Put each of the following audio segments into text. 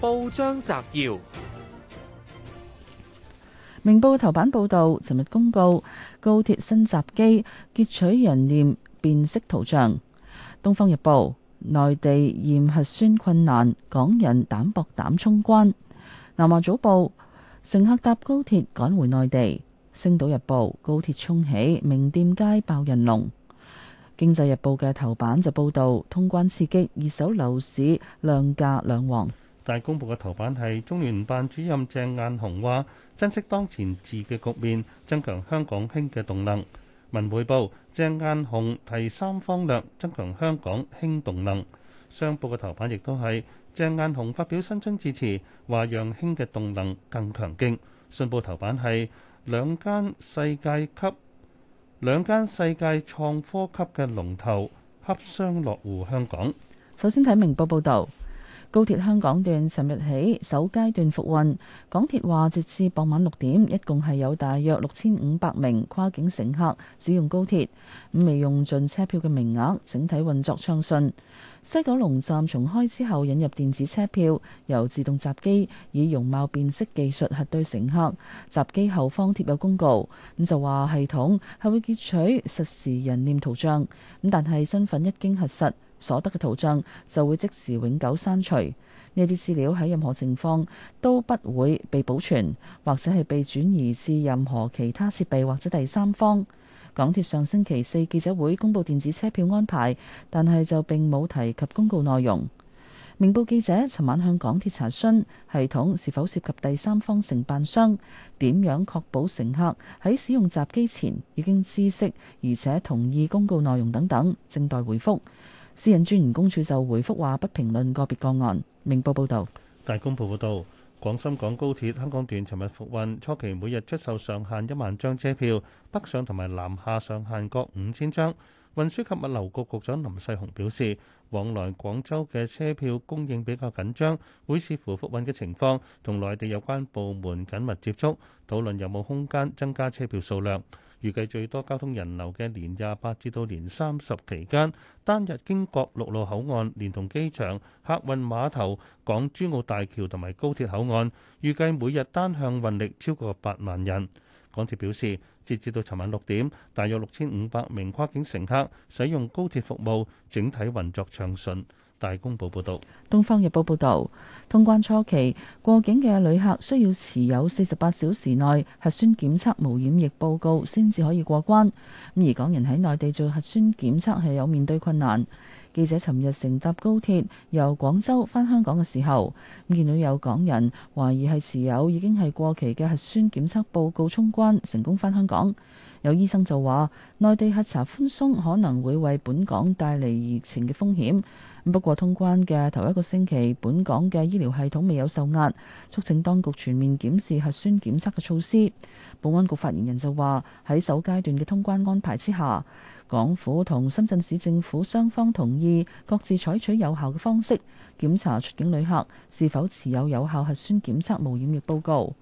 報章摘要：《明報》頭版報道，尋日公告高鐵新閘機劫取人臉辨識圖像。《東方日報》內地驗核酸困難，港人膽薄膽衝關。《南華早報》乘客搭高鐵趕回內地。《星島日報》高鐵衝起，名店街爆人龍。《經濟日報》嘅頭版就報道通關刺激，二手樓市量價兩旺。亮大公報嘅頭版係中聯辦主任鄭雁雄話珍惜當前治嘅局面，增強香港興嘅動能。文匯報鄭雁雄提三方略，增強香港興動能。商報嘅頭版亦都係鄭雁雄發表新春致辭話讓興嘅動能更強勁。信報頭版係兩間世界級兩間世界創科級嘅龍頭洽商落戶香港。首先睇明報報道。高鐵香港段尋日起首階段復運，港鐵話截至傍晚六點，一共係有大約六千五百名跨境乘客使用高鐵，未用盡車票嘅名額，整體運作暢順。西九龍站重開之後，引入電子車票，由自動閘機以容貌辨識技術核對乘客，閘機後方貼有公告，咁就話系統係會截取實時人臉圖像，咁但係身份一經核實，所得嘅圖像就會即時永久刪除，呢啲資料喺任何情況都不會被保存，或者係被轉移至任何其他設備或者第三方。港鐵上星期四記者會公佈電子車票安排，但係就並冇提及公告內容。明報記者尋晚向港鐵查詢系統是否涉及第三方承辦商，點樣確保乘客喺使用閘機前已經知悉而且同意公告內容等等，正待回覆。私隱專員公署就回覆話不評論個別個案。明報報道，大公報報道，廣深港高鐵香港段尋日復運，初期每日出售上限一萬張車票，北上同埋南下上限各五千張。運輸及物流局局長林世雄表示，往來廣州嘅車票供應比較緊張，會視乎復運嘅情況，同內地有關部門緊密接觸，討論有冇空間增加車票數量。預計最多交通人流嘅年廿八至到年三十期間，單日經過陸路口岸、連同機場、客運碼頭、港珠澳大橋同埋高鐵口岸，預計每日單向運力超過八萬人。港鐵表示，截至到尋晚六點，大約六千五百名跨境乘客使用高鐵服務，整體運作暢順。大公報報導，《東方日報》報導，通關初期過境嘅旅客需要持有四十八小時內核酸檢測無染疫報告，先至可以過關。咁而港人喺內地做核酸檢測係有面對困難。記者尋日乘搭高鐵由廣州返香港嘅時候，見到有港人懷疑係持有已經係過期嘅核酸檢測報告衝關，成功返香港。有醫生就話，內地核查寬鬆可能會為本港帶嚟疫情嘅風險。不過，通關嘅頭一個星期，本港嘅醫療系統未有受壓，促請當局全面檢視核酸檢測嘅措施。保安局發言人就話：喺首階段嘅通關安排之下，港府同深圳市政府雙方同意各自採取有效嘅方式檢查出境旅客是否持有有效核酸檢測無染疫報告。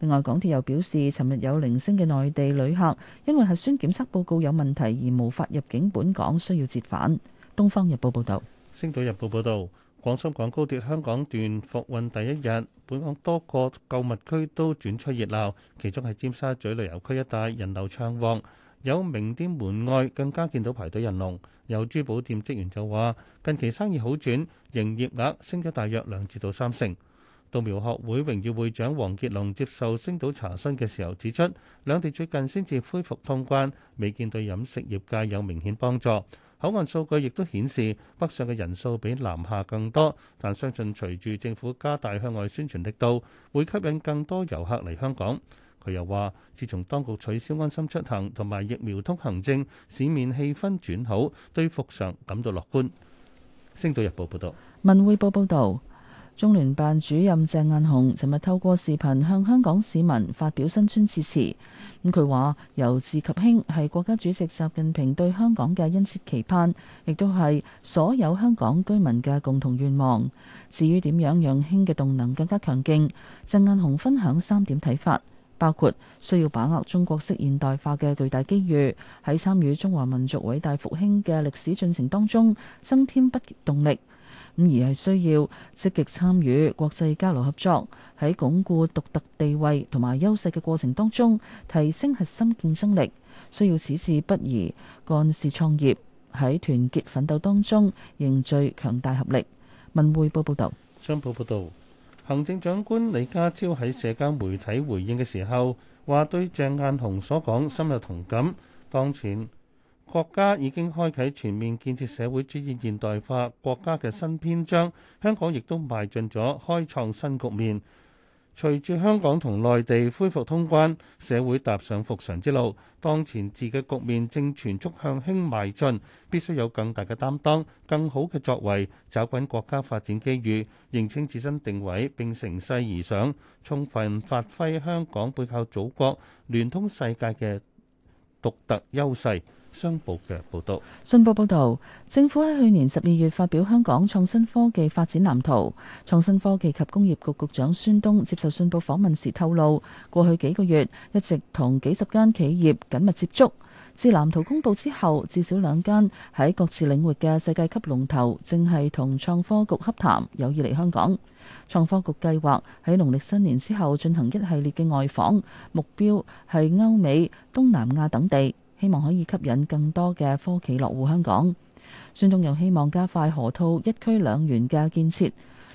另外，港鐵又表示，尋日有零星嘅內地旅客因為核酸檢測報告有問題而無法入境本港，需要折返。《東方日報》報導。《星島日報》報導，廣深港高鐵香港段復運第一日，本港多個購物區都轉出熱鬧，其中喺尖沙咀旅遊區一帶人流暢旺，有名店門外更加見到排隊人龍。有珠寶店職員就話：近期生意好轉，營業額升咗大約兩至到三成。稻苗學會榮譽會長黃傑龍接受《星島》查詢嘅時候指出，兩地最近先至恢復通關，未見對飲食業界有明顯幫助。口岸數據亦都顯示北上嘅人數比南下更多，但相信隨住政府加大向外宣傳力度，會吸引更多遊客嚟香港。佢又話，自從當局取消安心出行同埋疫苗通行證，市面氣氛轉好，對復常感到樂觀。星島日報報道。文匯報報導。中聯辦主任鄭雁雄尋日透過視頻向香港市民發表新春致辭。咁佢話：由治及興係國家主席習近平對香港嘅殷切期盼，亦都係所有香港居民嘅共同願望。至於點樣讓興嘅動能更加強勁，鄭雁雄分享三點睇法，包括需要把握中國式現代化嘅巨大機遇，喺參與中華民族偉大復興嘅歷史進程當中增添不竭動力。咁而係需要積極參與國際交流合作，喺鞏固獨特地位同埋優勢嘅過程當中，提升核心競爭力，需要始終不移幹事創業，喺團結奮鬥當中凝聚強大合力。文匯報報道：「商報報道行政長官李家超喺社交媒體回應嘅時候，話對鄭雁雄所講深有同感，當前，國家已經開啟全面建設社會主義現代化國家嘅新篇章，香港亦都邁進咗開創新局面。隨住香港同內地恢復通關，社會踏上復常之路，當前治嘅局面正全速向興邁進，必須有更大嘅擔當、更好嘅作為，抓緊國家發展機遇，認清自身定位，並乘勢而上，充分發揮香港背靠祖國、聯通世界嘅獨特優勢。商報嘅報道，信報報道，政府喺去年十二月發表《香港創新科技發展藍圖》。創新科技及工業局局長孫東接受信報訪問時透露，過去幾個月一直同幾十間企業緊密接觸。自藍圖公佈之後，至少兩間喺各自領域嘅世界級龍頭正係同創科局洽談有意嚟香港。創科局計劃喺農曆新年之後進行一系列嘅外訪，目標係歐美、東南亞等地。希望可以吸引更多嘅科企落戶香港。孫東又希望加快河套一區兩園嘅建設，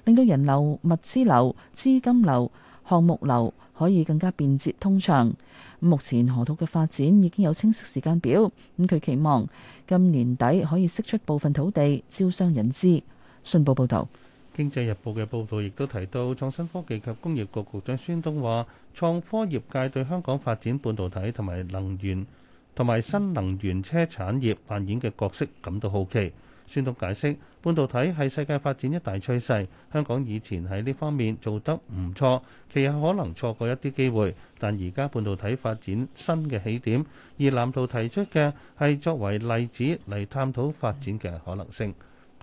令到人流、物資流、資金流、項目流可以更加便捷通暢。目前河套嘅發展已經有清晰時間表，咁佢期望今年底可以釋出部分土地招商引資。信報報道，《經濟日報》嘅報道亦都提到，創新科技及工業局局長孫東話，創科業界對香港發展半導體同埋能源。同埋新能源車產業扮演嘅角色感到好奇。孫董解釋，半導體係世界發展一大趨勢，香港以前喺呢方面做得唔錯，其實可能錯過一啲機會，但而家半導體發展新嘅起點，而藍圖提出嘅係作為例子嚟探討發展嘅可能性。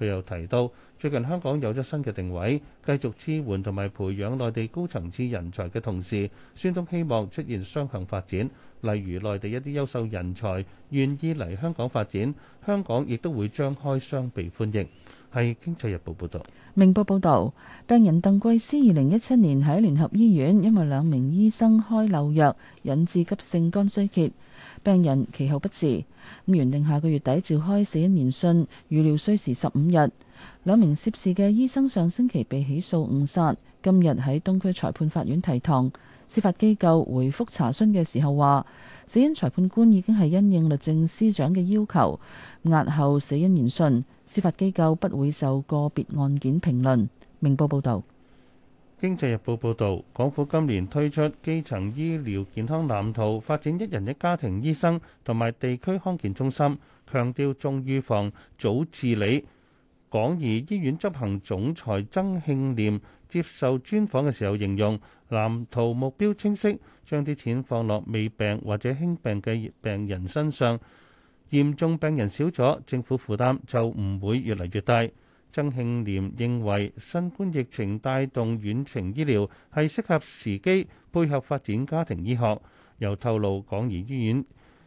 佢又提到，最近香港有咗新嘅定位，繼續支援同埋培養內地高層次人才嘅同時，孫東希望出現雙向發展，例如內地一啲優秀人才願意嚟香港發展，香港亦都會張開雙臂歡迎。係經濟日報報道。明報報道，病人鄧桂思二零一七年喺聯合醫院，因為兩名醫生開漏藥，引致急性肝衰竭，病人其後不治。原定下個月底召開死因研訊，預料需時十五日。兩名涉事嘅醫生上星期被起訴誤殺，今日喺東區裁判法院提堂。司法機構回覆查詢嘅時候話，死因裁判官已經係因應律政司長嘅要求，押後死因研訊。司法機構不會就個別案件評論。明報報道。《經濟日報》報導，港府今年推出基層醫療健康藍圖，發展一人一家庭醫生同埋地區康健中心，強調重預防、早治理。港怡醫院執行總裁曾慶廉接受專訪嘅時候形容，藍圖目標清晰，將啲錢放落未病或者輕病嘅病人身上，嚴重病人少咗，政府負擔就唔會越嚟越大。曾慶廉認為，新冠疫情帶動遠程醫療係適合時機，配合發展家庭醫學。又透露港，港怡醫院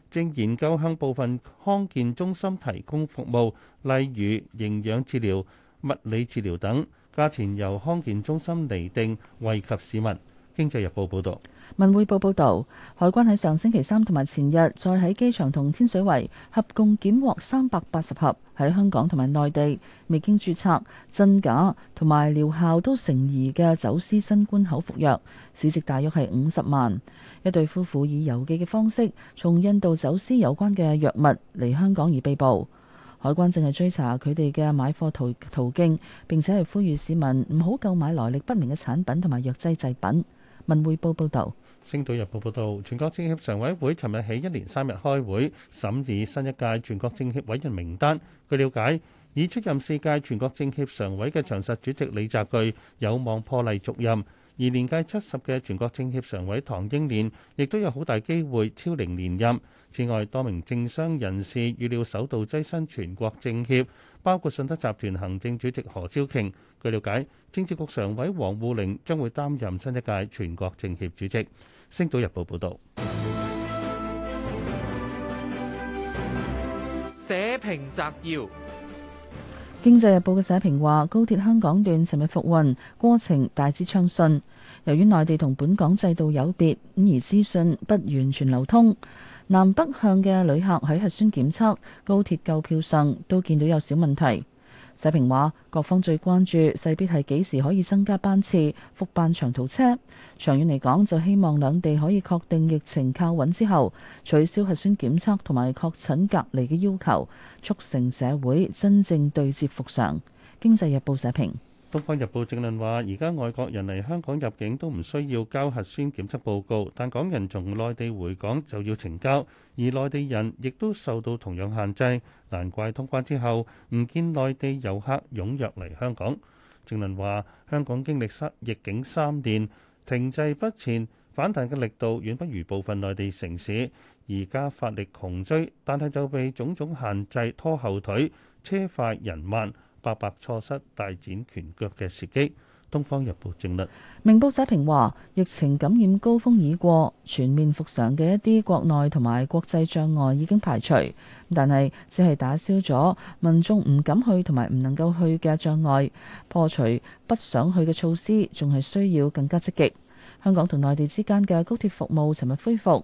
正研究向部分康健中心提供服務，例如營養治療、物理治療等，價錢由康健中心釐定，惠及市民。經濟日報報導，文匯報報導，海關喺上星期三同埋前日，再喺機場同天水圍合共檢獲三百八十盒喺香港同埋內地未經註冊、真假同埋療效都成疑嘅走私新冠口服藥，市值大約係五十萬。一對夫婦以郵寄嘅方式從印度走私有關嘅藥物嚟香港而被捕。海關正係追查佢哋嘅買貨途途徑，並且係呼籲市民唔好購買來歷不明嘅產品同埋藥劑製品。文匯報報道，《星島日報》報道，全國政協常委會尋日起一連三日開會審議新一屆全國政協委員名單。據了解，已出任四屆全國政協常委嘅長實主席李澤钜有望破例續任。而年屆七十嘅全國政協常委唐英年，亦都有好大機會超齡連任。此外，多名政商人士預料首度躋身全國政協，包括信德集團行政主席何超瓊。據瞭解，政治局常委王滬寧將會擔任新一屆全國政協主席。星島日報報導。社評摘要。經濟日報嘅社評話：高鐵香港段尋日復運，過程大致暢順。由於內地同本港制度有別，而資訊不完全流通，南北向嘅旅客喺核酸檢測、高鐵購票上都見到有小問題。社評話：各方最關注勢必係幾時可以增加班次、復辦長途車。長遠嚟講，就希望兩地可以確定疫情靠穩之後，取消核酸檢測同埋確診隔離嘅要求，促成社會真正對接復常。經濟日報社評。《東方日報》正論話：而家外國人嚟香港入境都唔需要交核酸檢測報告，但港人從內地回港就要呈交，而內地人亦都受到同樣限制。難怪通關之後，唔見內地遊客踴躍嚟香港。正論話：香港經歷逆境三年，停滯不前，反彈嘅力度遠不如部分內地城市。而家發力窮追，但係就被種種限制拖後腿，車快人慢。白白錯失大展拳腳嘅時機。《東方日報》政論明報社評話：疫情感染高峰已過，全面復常嘅一啲國內同埋國際障礙已經排除，但係只係打消咗民眾唔敢去同埋唔能夠去嘅障礙，破除不想去嘅措施，仲係需要更加積極。香港同內地之間嘅高鐵服務尋日恢復。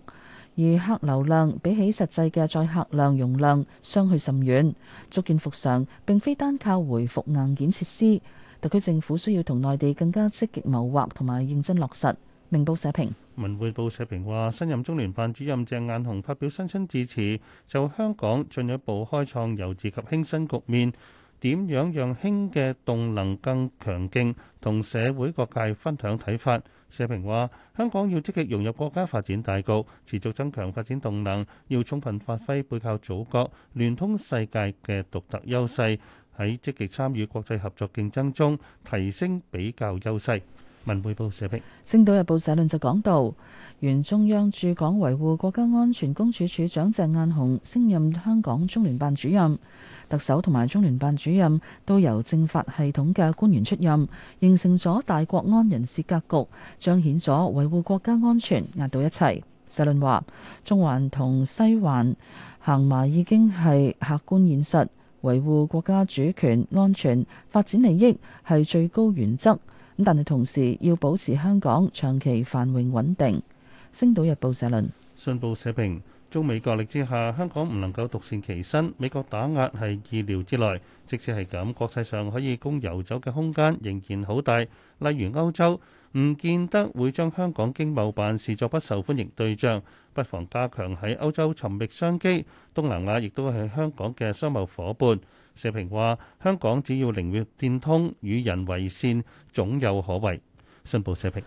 而客流量比起實際嘅載客量容量相去甚遠，足見復常並非單靠回復硬件設施。特區政府需要同內地更加積極謀劃同埋認真落實。明報社評，文匯報社評話，新任中聯辦主任鄭雁雄發表新春致辭，就香港進一步開創由治及興新局面，點樣讓興嘅動能更強勁，同社會各界分享睇法。社評話：香港要積極融入國家發展大局，持續增強發展動能，要充分發揮背靠祖國、聯通世界嘅獨特優勢，喺積極參與國際合作競爭中提升比較優勢。文匯報社評，《星島日報》社論就講到，原中央駐港維護國家安全公署署長鄭雁雄升任香港中聯辦主任，特首同埋中聯辦主任都由政法系統嘅官員出任，形成咗大國安人事格局，彰顯咗維護國家安全壓倒一切。社論話，中環同西環行埋已經係客觀現實，維護國家主權、安全、發展利益係最高原則。但係同時要保持香港長期繁榮穩定。星島日報社論。信報社評。中美角力之下，香港唔能夠獨善其身，美國打壓係意料之內。即使係咁，國際上可以供遊走嘅空間仍然好大。例如歐洲，唔見得會將香港經貿辦視作不受歡迎對象，不妨加強喺歐洲尋覓商機。東南亞亦都係香港嘅商貿伙伴。社評話：香港只要靈活變通，與人為善，總有可為。信報社評。